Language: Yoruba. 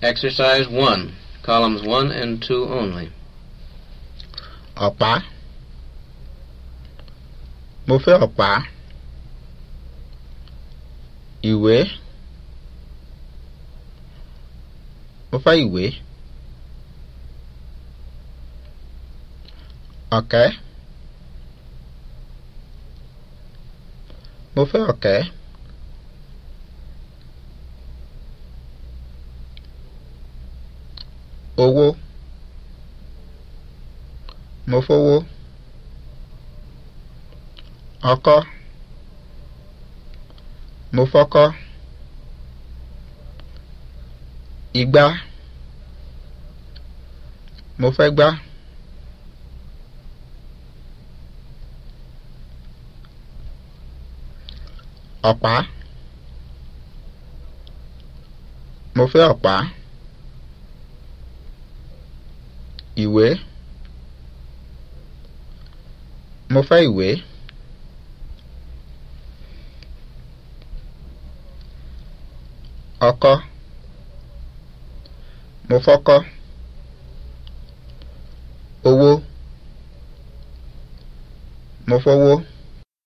Exercise 1, columns 1 and 2 only. Ọ̀pá. Mo fẹ́ ọ̀pá. Ìwé. Mo fẹ́ ìwé. Ọ̀kẹ́. Mo fẹ́ ọ̀kẹ́. Okay. owó mo fowó ọkọ mo fọkọ igbá mo fẹ́ gbá. ọ̀pá mo fẹ́ ọ̀pá. ìwé mo fẹ́ ìwé ọkọ mo fọ́kọ owó mo fowó.